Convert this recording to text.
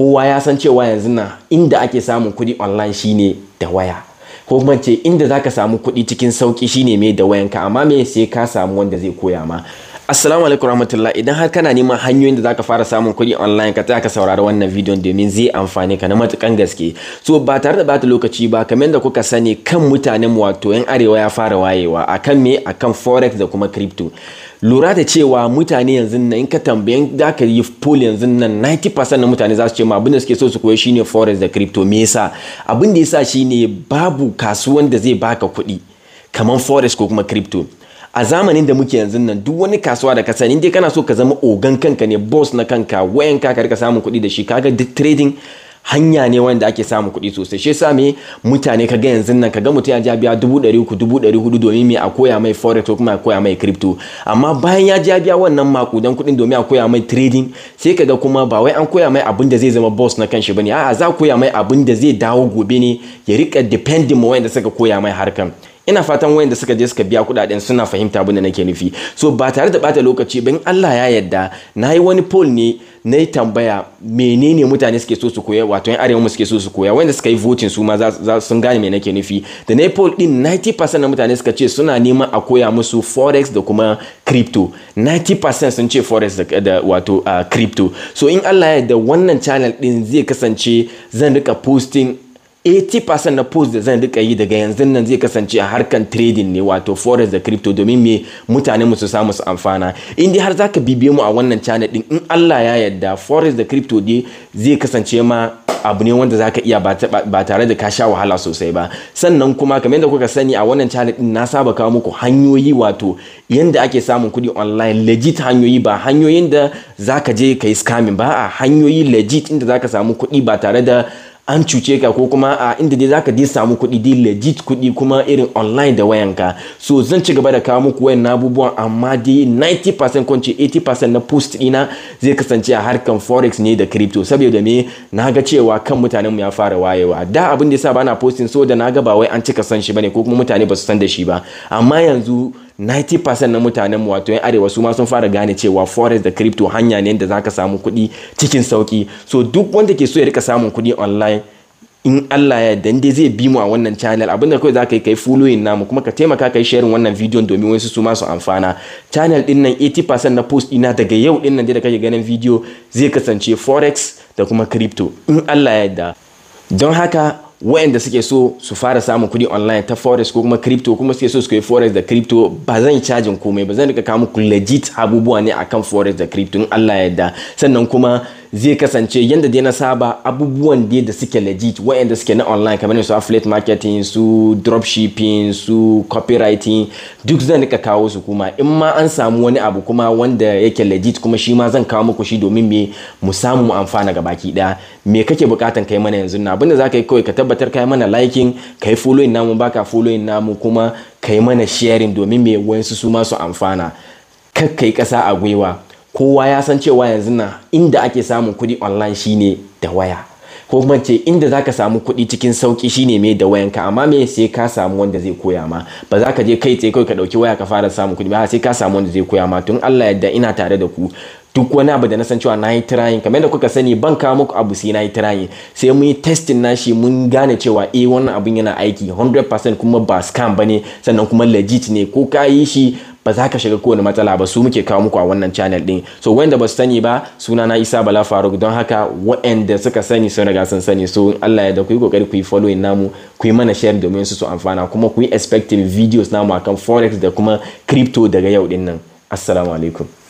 kowa ya san cewa yanzu na inda ake samun kuɗi online shine da waya ko kuma ce inda zaka samu kuɗi cikin sauƙi shine mai da wayanka amma me sai ka samu wanda zai koya ma Assalamu alaikum rahmatullah idan har kana neman hanyoyin da zaka fara samun kuɗi online ka tsaya ka saurari wannan bidiyon domin zai amfane ka na matukan gaske so ba tare da bata lokaci ba kamar da kuka sani kan mutanen wato yan arewa ya fara wayewa akan me akan forex da kuma crypto lura da cewa mutane yanzu nan in ka tambayi da ka yi poll yanzu nan 90% na mutane za su ce ma abin da suke so su koyi shine forex da crypto me yasa abin da yasa shine babu kasuwan da zai baka kuɗi kamar forex ko kuma crypto a zamanin da muke yanzu nan duk wani kasuwa da ka sani dai kana so ka zama ogan kanka ne boss na kanka wayan ka rika samun kuɗi da shi kaga duk trading hanya ne wanda ake samun kuɗi sosai shi yasa me mutane kaga yanzu nan kaga mutum ya ja biya dubu ɗari uku domin me a koya mai forex ko kuma a koya mai crypto amma bayan ya ja biya wannan makudan kuɗin domin a koya mai trading sai kaga kuma ba wai an koya mai abin da zai zama boss na kanshi bane a'a za koya mai abin da zai dawo gobe ne ya rika depending ma wanda suka koya mai harkan ina fatan wayanda suka je suka biya kudaden suna fahimta abin da nake nufi so ba tare da bata lokaci ba in Allah ya yarda na yi wani poll ne na yi tambaya menene mutane suke so su koya wato yan arewa suke so su koya wanda suka yi voting su ma za sun gane me nake nufi da na yi poll din 90% na mutane suka ce suna neman a koya musu forex da kuma crypto 90% sun ce forex da wato ah, crypto so in Allah ya yarda wannan channel din zai kasance zan rika posting 80% na post da zan rika yi daga yanzu nan zai kasance a harkan trading ne wato forex da crypto domin me mutane mu su samu su amfana in dai har zaka bibiye mu a wannan channel din in Allah ya yarda forex da crypto dai zai kasance ma abu ne wanda zaka iya ba tare da ka sha wahala sosai ba sannan kuma kamar yadda kuka sani a wannan channel din na saba kawo muku hanyoyi wato yanda ake samun kuɗi online legit hanyoyi ba hanyoyin da zaka je kai scamming ba a hanyoyi legit inda zaka samu kuɗi ba tare da an cuce ka ko kuma a inda dai zaka dai samu kuɗi dai legit kuɗi kuma irin online da wayanka so zan ci gaba da kawo muku wayan abubuwan amma dai 90% ko 80% na post ɗina zai kasance a harkan forex ne da crypto saboda me na ga cewa kan mutanen mu ya fara wayewa da abin da yasa bana posting so da na ga ba wai an cika san shi bane ko kuma mutane ba su san da shi ba amma yanzu 90% na mutanen mu wato yan arewa su ma sun fara gane cewa forex da crypto hanya ne da zaka samu kuɗi cikin sauki so duk wanda ke so ya rika samun kuɗi online in Allah ya yarda dai zai bi mu a wannan channel abinda kawai zaka yi kai following namu kuma ka taimaka kai sharing wannan video domin wasu su ma su amfana channel din nan 80% na post ina daga yau din nan da kake ganin video zai kasance forex da kuma crypto in Allah ya yarda don haka wayanda suke so su fara samun kuɗi online ta forex ko kuma crypto kuma suke so su forex da crypto ba zan cajin komai ba zan rika kawo muku legit abubuwa ne akan forex da crypto in Allah ya yarda sannan kuma zai kasance yadda dai na saba abubuwan dai da suke legit wayanda suke na online kamar su affiliate marketing su dropshipping su copywriting duk zan rika kawo su kuma in ma an samu wani abu kuma wanda yake legit kuma shi ma zan kawo muku shi domin me mu samu amfana ga baki daya me kake bukatan kai mana yanzu na abinda zaka yi kawai ka tabbatar kai mana liking kai following namu baka following namu kuma kai mana sharing domin me wayansu su ma su amfana kakkai kasa a gwiwa kowa ya san cewa yanzu na inda ake samun kuɗi online shine da waya ko kuma ce inda zaka samu kuɗi cikin sauki shine mai da wayanka amma me sai ka samu wanda zai koya ma ba za ka je kai tsaye kai ka ɗauki waya ka fara samun kuɗi ba sai ka samu wanda zai koya ma tun Allah yadda ina tare da ku duk wani abu da na san cewa na yi trying kamar da kuka sani ban kawo muku abu sai na yi trying sai mun yi testing shi mun gane cewa eh wannan abun yana aiki 100% kuma ba scam bane sannan kuma legit ne ko ka yi shi ba za ka shiga kowane matsala ba su muke kawo muku a wannan channel din so wanda ba su sani ba suna na isa bala faruk don haka waɗanda suka sani sun riga sun sani so allah ya da ku yi kokari ku yi following namu ku yi mana share domin su su amfana kuma ku yi expecting videos namu akan forex da kuma crypto daga yau din nan assalamu alaikum